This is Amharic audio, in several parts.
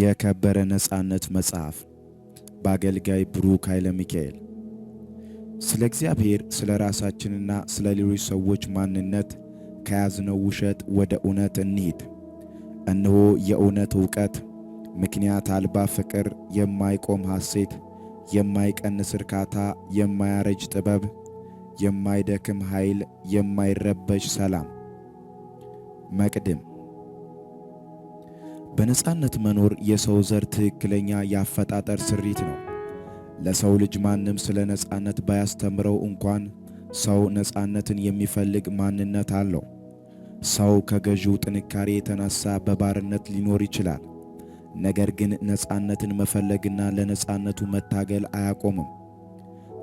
የከበረ ነፃነት መጽሐፍ በአገልጋይ ብሩክ ኃይለ ሚካኤል። ስለ እግዚአብሔር፣ ስለ ራሳችንና ስለ ሌሎች ሰዎች ማንነት ከያዝነው ውሸት ወደ እውነት እንሂድ። እነሆ የእውነት ዕውቀት፣ ምክንያት አልባ ፍቅር፣ የማይቆም ሐሴት፣ የማይቀንስ እርካታ፣ የማያረጅ ጥበብ፣ የማይደክም ኃይል፣ የማይረበሽ ሰላም። መቅድም በነፃነት መኖር የሰው ዘር ትክክለኛ የአፈጣጠር ስሪት ነው። ለሰው ልጅ ማንም ስለ ነፃነት ባያስተምረው እንኳን ሰው ነፃነትን የሚፈልግ ማንነት አለው። ሰው ከገዢው ጥንካሬ የተነሳ በባርነት ሊኖር ይችላል። ነገር ግን ነፃነትን መፈለግና ለነፃነቱ መታገል አያቆምም።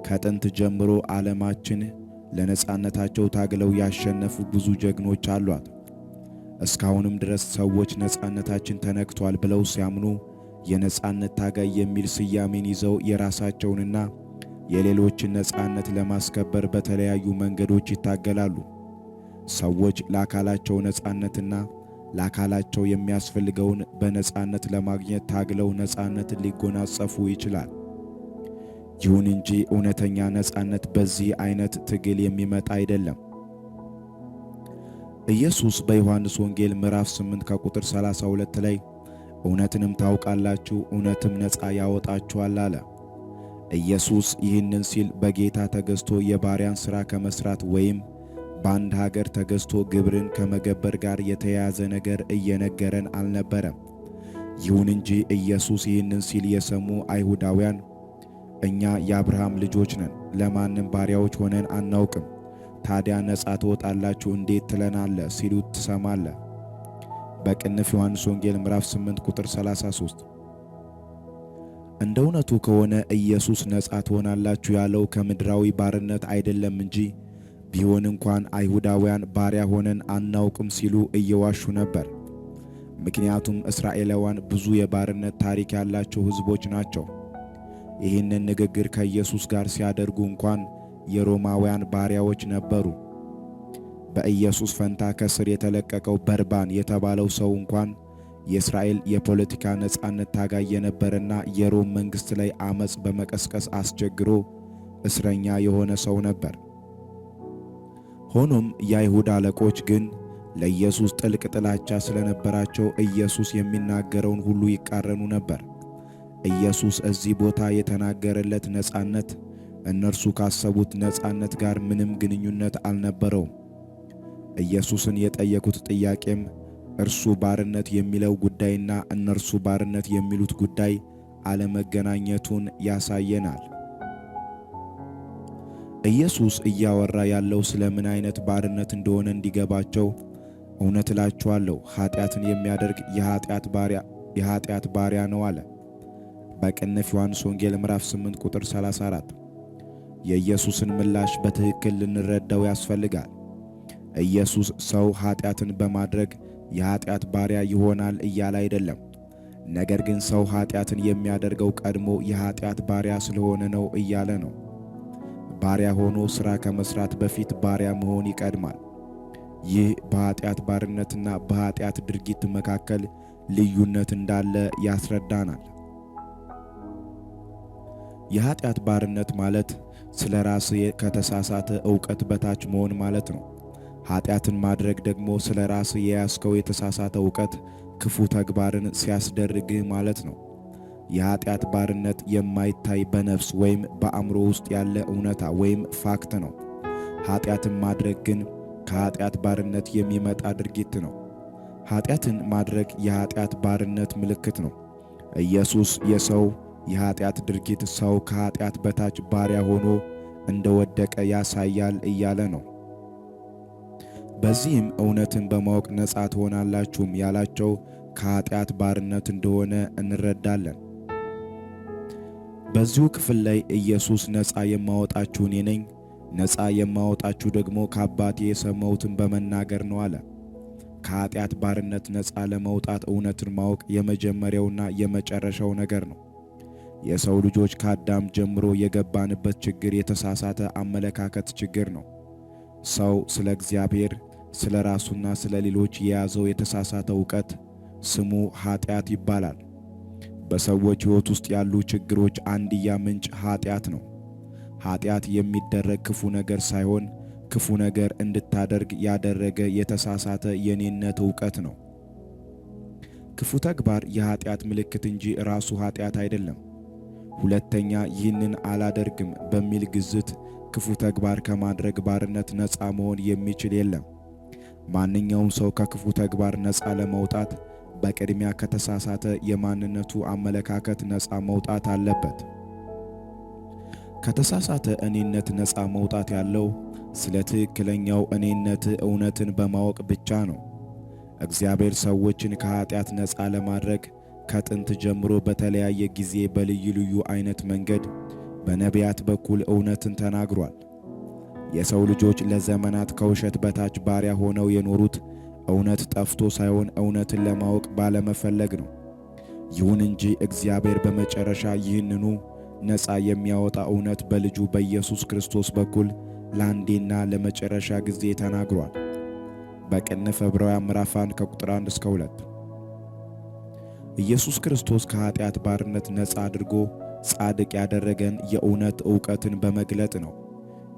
ከጥንት ጀምሮ ዓለማችን ለነፃነታቸው ታግለው ያሸነፉ ብዙ ጀግኖች አሏት። እስካሁንም ድረስ ሰዎች ነፃነታችን ተነክቷል ብለው ሲያምኑ የነፃነት ታጋይ የሚል ስያሜን ይዘው የራሳቸውንና የሌሎችን ነፃነት ለማስከበር በተለያዩ መንገዶች ይታገላሉ። ሰዎች ለአካላቸው ነጻነትና ለአካላቸው የሚያስፈልገውን በነፃነት ለማግኘት ታግለው ነጻነትን ሊጎናጸፉ ይችላል። ይሁን እንጂ እውነተኛ ነፃነት በዚህ አይነት ትግል የሚመጣ አይደለም። ኢየሱስ በዮሐንስ ወንጌል ምዕራፍ 8 ከቁጥር 32 ላይ እውነትንም ታውቃላችሁ፣ እውነትም ነፃ ያወጣችኋል አለ። ኢየሱስ ይህንን ሲል በጌታ ተገዝቶ የባሪያን ሥራ ከመሥራት ወይም በአንድ ሀገር ተገዝቶ ግብርን ከመገበር ጋር የተያያዘ ነገር እየነገረን አልነበረም። ይሁን እንጂ ኢየሱስ ይህንን ሲል የሰሙ አይሁዳውያን እኛ የአብርሃም ልጆች ነን፣ ለማንም ባሪያዎች ሆነን አናውቅም ታዲያ ነጻ ትወጣላችሁ እንዴት ትለናለ? ሲሉት ትሰማለ። በቅንፍ ዮሐንስ ወንጌል ምዕራፍ 8 ቁጥር 33። እንደ እውነቱ ከሆነ ኢየሱስ ነጻ ትሆናላችሁ ያለው ከምድራዊ ባርነት አይደለም እንጂ ቢሆን እንኳን አይሁዳውያን ባሪያ ሆነን አናውቅም ሲሉ እየዋሹ ነበር። ምክንያቱም እስራኤላውያን ብዙ የባርነት ታሪክ ያላቸው ሕዝቦች ናቸው። ይህንን ንግግር ከኢየሱስ ጋር ሲያደርጉ እንኳን የሮማውያን ባሪያዎች ነበሩ። በኢየሱስ ፈንታ ከስር የተለቀቀው በርባን የተባለው ሰው እንኳን የእስራኤል የፖለቲካ ነጻነት ታጋይ የነበረና የሮም መንግሥት ላይ አመፅ በመቀስቀስ አስቸግሮ እስረኛ የሆነ ሰው ነበር። ሆኖም የአይሁድ አለቆች ግን ለኢየሱስ ጥልቅ ጥላቻ ስለነበራቸው ኢየሱስ የሚናገረውን ሁሉ ይቃረኑ ነበር። ኢየሱስ እዚህ ቦታ የተናገረለት ነጻነት እነርሱ ካሰቡት ነፃነት ጋር ምንም ግንኙነት አልነበረውም። ኢየሱስን የጠየቁት ጥያቄም እርሱ ባርነት የሚለው ጉዳይና እነርሱ ባርነት የሚሉት ጉዳይ አለመገናኘቱን ያሳየናል። ኢየሱስ እያወራ ያለው ስለ ምን አይነት ባርነት እንደሆነ እንዲገባቸው እውነት እላችኋለሁ ኃጢአትን የሚያደርግ የኃጢአት ባሪያ የኃጢአት ባሪያ ነው አለ። በቅንፍ ዮሐንስ ወንጌል ምዕራፍ 8 ቁጥር 34 የኢየሱስን ምላሽ በትክክል ልንረዳው ያስፈልጋል። ኢየሱስ ሰው ኃጢአትን በማድረግ የኃጢአት ባሪያ ይሆናል እያለ አይደለም። ነገር ግን ሰው ኃጢአትን የሚያደርገው ቀድሞ የኃጢአት ባሪያ ስለሆነ ነው እያለ ነው። ባሪያ ሆኖ ሥራ ከመሥራት በፊት ባሪያ መሆን ይቀድማል። ይህ በኃጢአት ባርነትና በኃጢአት ድርጊት መካከል ልዩነት እንዳለ ያስረዳናል። የኃጢአት ባርነት ማለት ስለ ራስ ከተሳሳተ እውቀት በታች መሆን ማለት ነው። ኃጢአትን ማድረግ ደግሞ ስለ ራስ የያዝከው የተሳሳተ እውቀት ክፉ ተግባርን ሲያስደርግህ ማለት ነው። የኃጢአት ባርነት የማይታይ በነፍስ ወይም በአእምሮ ውስጥ ያለ እውነታ ወይም ፋክት ነው። ኃጢአትን ማድረግ ግን ከኃጢአት ባርነት የሚመጣ ድርጊት ነው። ኃጢአትን ማድረግ የኃጢአት ባርነት ምልክት ነው። ኢየሱስ የሰው የኃጢአት ድርጊት ሰው ከኃጢአት በታች ባሪያ ሆኖ እንደወደቀ ያሳያል እያለ ነው። በዚህም እውነትን በማወቅ ነፃ ትሆናላችሁም ያላቸው ከኃጢአት ባርነት እንደሆነ እንረዳለን። በዚሁ ክፍል ላይ ኢየሱስ ነፃ የማወጣችሁ እኔ ነኝ፣ ነፃ የማወጣችሁ ደግሞ ከአባቴ የሰማሁትን በመናገር ነው አለ። ከኃጢአት ባርነት ነፃ ለመውጣት እውነትን ማወቅ የመጀመሪያውና የመጨረሻው ነገር ነው። የሰው ልጆች ከአዳም ጀምሮ የገባንበት ችግር የተሳሳተ አመለካከት ችግር ነው። ሰው ስለ እግዚአብሔር፣ ስለ ራሱና ስለ ሌሎች የያዘው የተሳሳተ እውቀት ስሙ ኃጢአት ይባላል። በሰዎች ሕይወት ውስጥ ያሉ ችግሮች አንድያ ምንጭ ኃጢአት ነው። ኃጢአት የሚደረግ ክፉ ነገር ሳይሆን ክፉ ነገር እንድታደርግ ያደረገ የተሳሳተ የኔነት እውቀት ነው። ክፉ ተግባር የኃጢአት ምልክት እንጂ ራሱ ኃጢአት አይደለም። ሁለተኛ ይህንን አላደርግም በሚል ግዝት ክፉ ተግባር ከማድረግ ባርነት ነፃ መሆን የሚችል የለም። ማንኛውም ሰው ከክፉ ተግባር ነፃ ለመውጣት በቅድሚያ ከተሳሳተ የማንነቱ አመለካከት ነፃ መውጣት አለበት። ከተሳሳተ እኔነት ነፃ መውጣት ያለው ስለ ትክክለኛው እኔነት እውነትን በማወቅ ብቻ ነው። እግዚአብሔር ሰዎችን ከኃጢአት ነፃ ለማድረግ ከጥንት ጀምሮ በተለያየ ጊዜ በልዩ ልዩ አይነት መንገድ በነቢያት በኩል እውነትን ተናግሯል። የሰው ልጆች ለዘመናት ከውሸት በታች ባሪያ ሆነው የኖሩት እውነት ጠፍቶ ሳይሆን እውነትን ለማወቅ ባለመፈለግ ነው። ይሁን እንጂ እግዚአብሔር በመጨረሻ ይህንኑ ነፃ የሚያወጣ እውነት በልጁ በኢየሱስ ክርስቶስ በኩል ለአንዴና ለመጨረሻ ጊዜ ተናግሯል። በቅንፍ ዕብራውያን ምዕራፍ 1 ከቁጥር 1 እስከ 2 ኢየሱስ ክርስቶስ ከኃጢአት ባርነት ነፃ አድርጎ ጻድቅ ያደረገን የእውነት ዕውቀትን በመግለጥ ነው።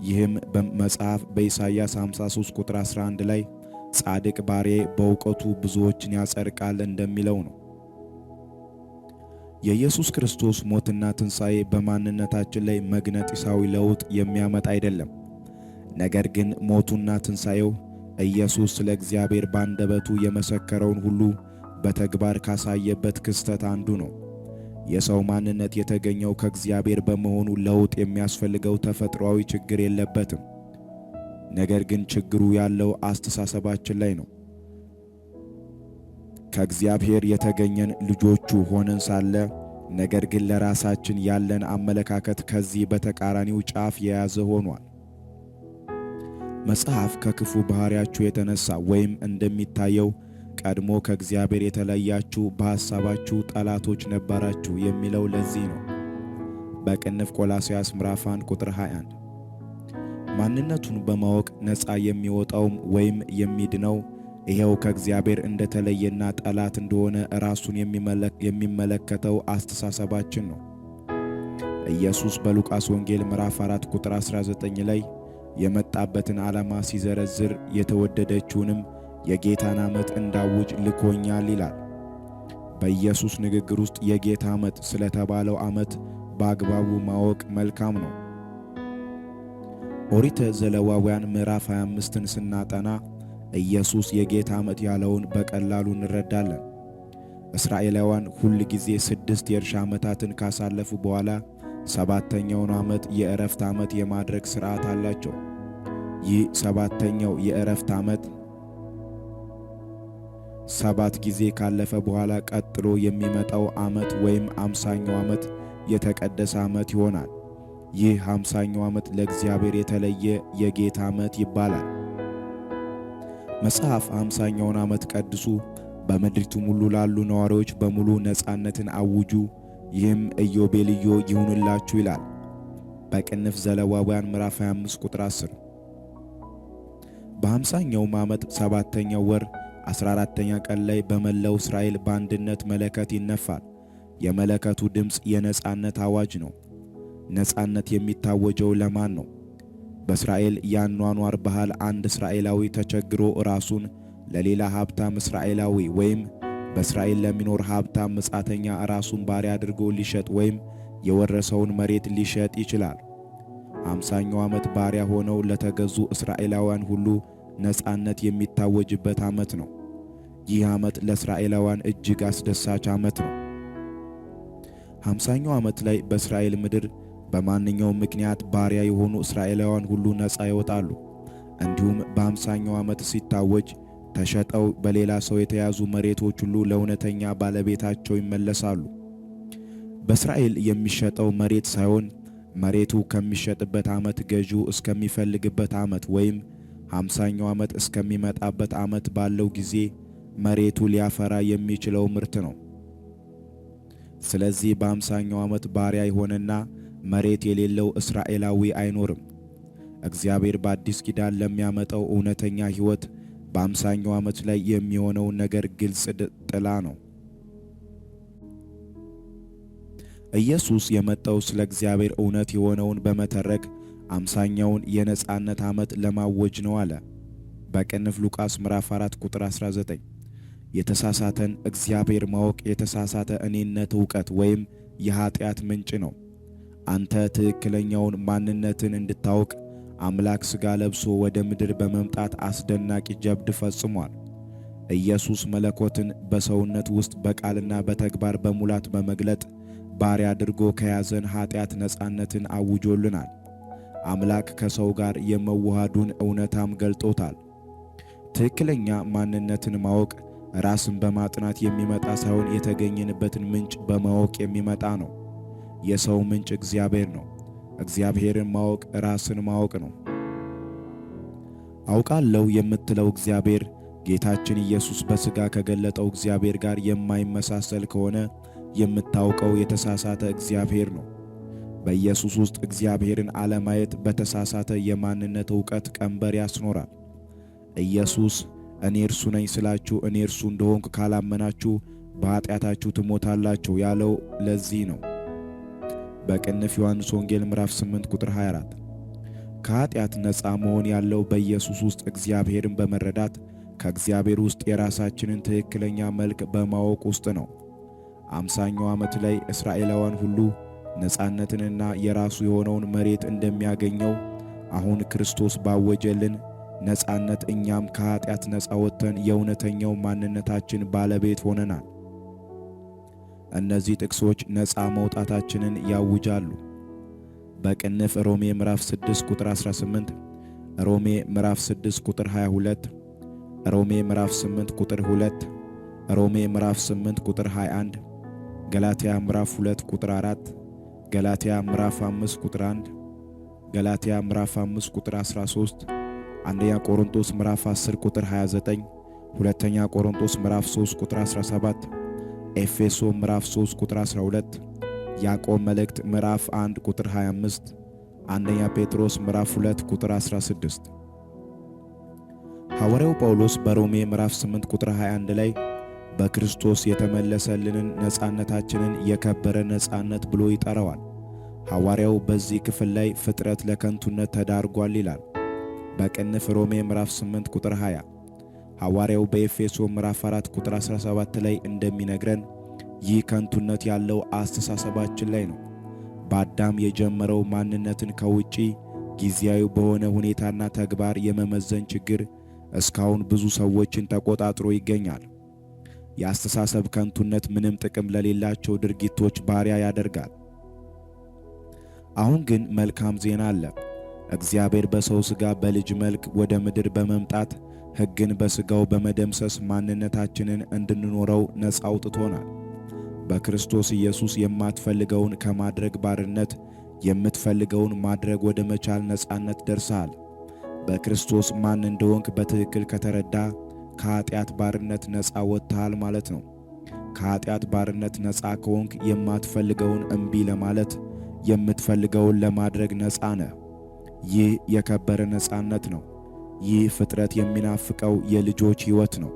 ይህም በመጽሐፍ በኢሳይያስ 53 ቁጥር 11 ላይ ጻድቅ ባሬ በእውቀቱ ብዙዎችን ያጸድቃል እንደሚለው ነው። የኢየሱስ ክርስቶስ ሞትና ትንሣኤ በማንነታችን ላይ መግነጢሳዊ ለውጥ የሚያመጣ አይደለም። ነገር ግን ሞቱና ትንሣኤው ኢየሱስ ስለ እግዚአብሔር ባንደበቱ የመሰከረውን ሁሉ በተግባር ካሳየበት ክስተት አንዱ ነው። የሰው ማንነት የተገኘው ከእግዚአብሔር በመሆኑ ለውጥ የሚያስፈልገው ተፈጥሯዊ ችግር የለበትም። ነገር ግን ችግሩ ያለው አስተሳሰባችን ላይ ነው። ከእግዚአብሔር የተገኘን ልጆቹ ሆነን ሳለ ነገር ግን ለራሳችን ያለን አመለካከት ከዚህ በተቃራኒው ጫፍ የያዘ ሆኗል። መጽሐፍ ከክፉ ባሕሪያችሁ የተነሳ ወይም እንደሚታየው ቀድሞ ከእግዚአብሔር የተለያችሁ በሐሳባችሁ ጠላቶች ነበራችሁ የሚለው ለዚህ ነው። በቅንፍ ቆላስያስ ምዕራፍ 1 ቁጥር 21 ማንነቱን በማወቅ ነፃ የሚወጣውም ወይም የሚድነው ይኸው ከእግዚአብሔር እንደተለየና ጠላት እንደሆነ ራሱን የሚመለከተው አስተሳሰባችን ነው። ኢየሱስ በሉቃስ ወንጌል ምዕራፍ 4 ቁጥር 19 ላይ የመጣበትን ዓላማ ሲዘረዝር የተወደደችውንም የጌታን ዓመት እንዳውጅ ልኮኛል ይላል። በኢየሱስ ንግግር ውስጥ የጌታ ዓመት ስለተባለው ዓመት በአግባቡ ማወቅ መልካም ነው። ኦሪተ ዘለዋውያን ምዕራፍ 25ን ስናጠና ኢየሱስ የጌታ ዓመት ያለውን በቀላሉ እንረዳለን። እስራኤላውያን ሁል ጊዜ ስድስት የእርሻ ዓመታትን ካሳለፉ በኋላ ሰባተኛውን ዓመት የእረፍት ዓመት የማድረግ ሥርዓት አላቸው። ይህ ሰባተኛው የእረፍት ዓመት ሰባት ጊዜ ካለፈ በኋላ ቀጥሎ የሚመጣው ዓመት ወይም አምሳኛው ዓመት የተቀደሰ ዓመት ይሆናል። ይህ አምሳኛው ዓመት ለእግዚአብሔር የተለየ የጌታ ዓመት ይባላል። መጽሐፍ አምሳኛውን ዓመት ቀድሱ፣ በምድሪቱ ሙሉ ላሉ ነዋሪዎች በሙሉ ነፃነትን አውጁ፣ ይህም ኢዮቤልዩ ይሁንላችሁ ይላል። በቅንፍ ዘሌዋውያን ምዕራፍ 25 ቁጥር 10 በአምሳኛውም ዓመት ሰባተኛው ወር አስራ አራተኛ ቀን ላይ በመላው እስራኤል በአንድነት መለከት ይነፋል። የመለከቱ ድምፅ የነጻነት አዋጅ ነው። ነጻነት የሚታወጀው ለማን ነው? በእስራኤል የአኗኗር ባህል አንድ እስራኤላዊ ተቸግሮ ራሱን ለሌላ ሀብታም እስራኤላዊ ወይም በእስራኤል ለሚኖር ሀብታም መጻተኛ ራሱን ባሪያ አድርጎ ሊሸጥ ወይም የወረሰውን መሬት ሊሸጥ ይችላል። አምሳኛው ዓመት ባሪያ ሆነው ለተገዙ እስራኤላውያን ሁሉ ነጻነት የሚታወጅበት ዓመት ነው። ይህ ዓመት ለእስራኤላውያን እጅግ አስደሳች ዓመት ነው። ሃምሳኛው ዓመት ላይ በእስራኤል ምድር በማንኛውም ምክንያት ባሪያ የሆኑ እስራኤላውያን ሁሉ ነፃ ይወጣሉ። እንዲሁም በሃምሳኛው ዓመት ሲታወጅ ተሸጠው በሌላ ሰው የተያዙ መሬቶች ሁሉ ለእውነተኛ ባለቤታቸው ይመለሳሉ። በእስራኤል የሚሸጠው መሬት ሳይሆን መሬቱ ከሚሸጥበት ዓመት ገዢው እስከሚፈልግበት ዓመት ወይም ሃምሳኛው ዓመት እስከሚመጣበት ዓመት ባለው ጊዜ መሬቱ ሊያፈራ የሚችለው ምርት ነው። ስለዚህ በአምሳኛው ዓመት ባሪያ የሆነና መሬት የሌለው እስራኤላዊ አይኖርም። እግዚአብሔር በአዲስ ኪዳን ለሚያመጣው እውነተኛ ሕይወት በአምሳኛው ዓመት ላይ የሚሆነውን ነገር ግልጽ ጥላ ነው። ኢየሱስ የመጣው ስለ እግዚአብሔር እውነት የሆነውን በመተረክ አምሳኛውን የነጻነት ዓመት ለማወጅ ነው አለ። በቅንፍ ሉቃስ ምዕራፍ 4 ቁጥር 19 የተሳሳተን እግዚአብሔር ማወቅ የተሳሳተ እኔነት እውቀት ወይም የኀጢአት ምንጭ ነው። አንተ ትክክለኛውን ማንነትን እንድታውቅ አምላክ ሥጋ ለብሶ ወደ ምድር በመምጣት አስደናቂ ጀብድ ፈጽሟል። ኢየሱስ መለኮትን በሰውነት ውስጥ በቃልና በተግባር በሙላት በመግለጥ ባሪያ አድርጎ ከያዘን ኀጢአት ነፃነትን አውጆልናል። አምላክ ከሰው ጋር የመዋሃዱን እውነታም ገልጦታል። ትክክለኛ ማንነትን ማወቅ ራስን በማጥናት የሚመጣ ሳይሆን የተገኘንበትን ምንጭ በማወቅ የሚመጣ ነው። የሰው ምንጭ እግዚአብሔር ነው። እግዚአብሔርን ማወቅ ራስን ማወቅ ነው። አውቃለሁ የምትለው እግዚአብሔር ጌታችን ኢየሱስ በሥጋ ከገለጠው እግዚአብሔር ጋር የማይመሳሰል ከሆነ የምታውቀው የተሳሳተ እግዚአብሔር ነው። በኢየሱስ ውስጥ እግዚአብሔርን አለማየት በተሳሳተ የማንነት ዕውቀት ቀንበር ያስኖራል። ኢየሱስ እኔ እርሱ ነኝ ስላችሁ እኔ እርሱ እንደሆንኩ ካላመናችሁ በኃጢአታችሁ ትሞታላችሁ ያለው ለዚህ ነው። በቅንፍ ዮሐንስ ወንጌል ምዕራፍ 8 ቁጥር 24 ከኃጢአት ነፃ መሆን ያለው በኢየሱስ ውስጥ እግዚአብሔርን በመረዳት ከእግዚአብሔር ውስጥ የራሳችንን ትክክለኛ መልክ በማወቅ ውስጥ ነው። አምሳኛው ዓመት ላይ እስራኤላውያን ሁሉ ነፃነትንና የራሱ የሆነውን መሬት እንደሚያገኘው አሁን ክርስቶስ ባወጀልን ነፃነት እኛም ከኃጢአት ነፃ ወጥተን የእውነተኛው ማንነታችን ባለቤት ሆነናል። እነዚህ ጥቅሶች ነፃ መውጣታችንን ያውጃሉ። በቅንፍ ሮሜ ምዕራፍ 6 ቁጥር 18፣ ሮሜ ምዕራፍ 6 ቁጥር 22፣ ሮሜ ምዕራፍ 8 ቁጥር 2፣ ሮሜ ምዕራፍ 8 ቁጥር 21፣ ገላትያ ምዕራፍ 2 ቁጥር 4፣ ገላትያ ምዕራፍ 5 ቁጥር 1፣ ገላትያ ምዕራፍ 5 ቁጥር 13 አንደኛ ቆሮንቶስ ምዕራፍ 10 ቁጥር 29፣ ሁለተኛ ቆሮንቶስ ምዕራፍ 3 ቁጥር 17፣ ኤፌሶ ምዕራፍ 3 ቁጥር 12፣ ያዕቆብ መልእክት ምዕራፍ 1 ቁጥር 25፣ አንደኛ ጴጥሮስ ምዕራፍ 2 ቁጥር 16። ሐዋርያው ጳውሎስ በሮሜ ምዕራፍ 8 ቁጥር 21 ላይ በክርስቶስ የተመለሰልንን ነፃነታችንን የከበረ ነፃነት ብሎ ይጠራዋል። ሐዋርያው በዚህ ክፍል ላይ ፍጥረት ለከንቱነት ተዳርጓል ይላል። በቅንፍ ሮሜ ምዕራፍ 8 ቁጥር 20 ሐዋርያው በኤፌሶ ምዕራፍ 4 ቁጥር 17 ላይ እንደሚነግረን ይህ ከንቱነት ያለው አስተሳሰባችን ላይ ነው። በአዳም የጀመረው ማንነትን ከውጪ ጊዜያዊ በሆነ ሁኔታና ተግባር የመመዘን ችግር እስካሁን ብዙ ሰዎችን ተቆጣጥሮ ይገኛል። የአስተሳሰብ ከንቱነት ምንም ጥቅም ለሌላቸው ድርጊቶች ባሪያ ያደርጋል። አሁን ግን መልካም ዜና አለ። እግዚአብሔር በሰው ሥጋ በልጅ መልክ ወደ ምድር በመምጣት ሕግን በሥጋው በመደምሰስ ማንነታችንን እንድንኖረው ነፃ አውጥቶናል። በክርስቶስ ኢየሱስ የማትፈልገውን ከማድረግ ባርነት የምትፈልገውን ማድረግ ወደ መቻል ነፃነት ደርሰሃል። በክርስቶስ ማን እንደሆንክ በትክክል ከተረዳ ከኀጢአት ባርነት ነፃ ወጥተሃል ማለት ነው። ከኀጢአት ባርነት ነፃ ከሆንክ የማትፈልገውን እምቢ ለማለት የምትፈልገውን ለማድረግ ነፃ ነህ። ይህ የከበረ ነፃነት ነው። ይህ ፍጥረት የሚናፍቀው የልጆች ሕይወት ነው።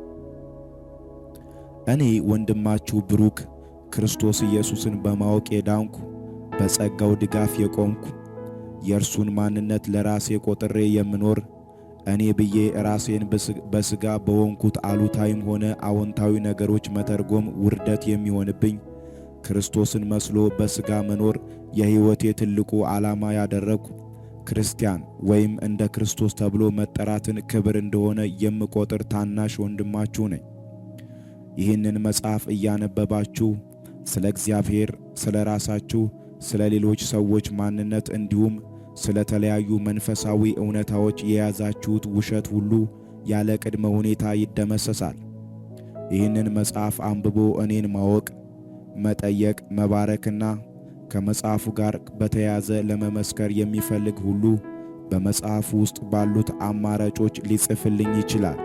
እኔ ወንድማችሁ ብሩክ ክርስቶስ ኢየሱስን በማወቅ የዳንኩ፣ በጸጋው ድጋፍ የቆምኩ፣ የእርሱን ማንነት ለራሴ ቆጥሬ የምኖር እኔ ብዬ ራሴን በሥጋ በወንኩት አሉታዊም ሆነ አዎንታዊ ነገሮች መተርጎም ውርደት የሚሆንብኝ ክርስቶስን መስሎ በሥጋ መኖር የሕይወቴ ትልቁ ዓላማ ያደረግኩ ክርስቲያን ወይም እንደ ክርስቶስ ተብሎ መጠራትን ክብር እንደሆነ የምቆጥር ታናሽ ወንድማችሁ ነኝ። ይህንን መጽሐፍ እያነበባችሁ ስለ እግዚአብሔር፣ ስለ ራሳችሁ፣ ስለ ሌሎች ሰዎች ማንነት እንዲሁም ስለ ተለያዩ መንፈሳዊ እውነታዎች የያዛችሁት ውሸት ሁሉ ያለ ቅድመ ሁኔታ ይደመሰሳል። ይህንን መጽሐፍ አንብቦ እኔን ማወቅ፣ መጠየቅ፣ መባረክና ከመጽሐፉ ጋር በተያያዘ ለመመስከር የሚፈልግ ሁሉ በመጽሐፉ ውስጥ ባሉት አማራጮች ሊጽፍልኝ ይችላል።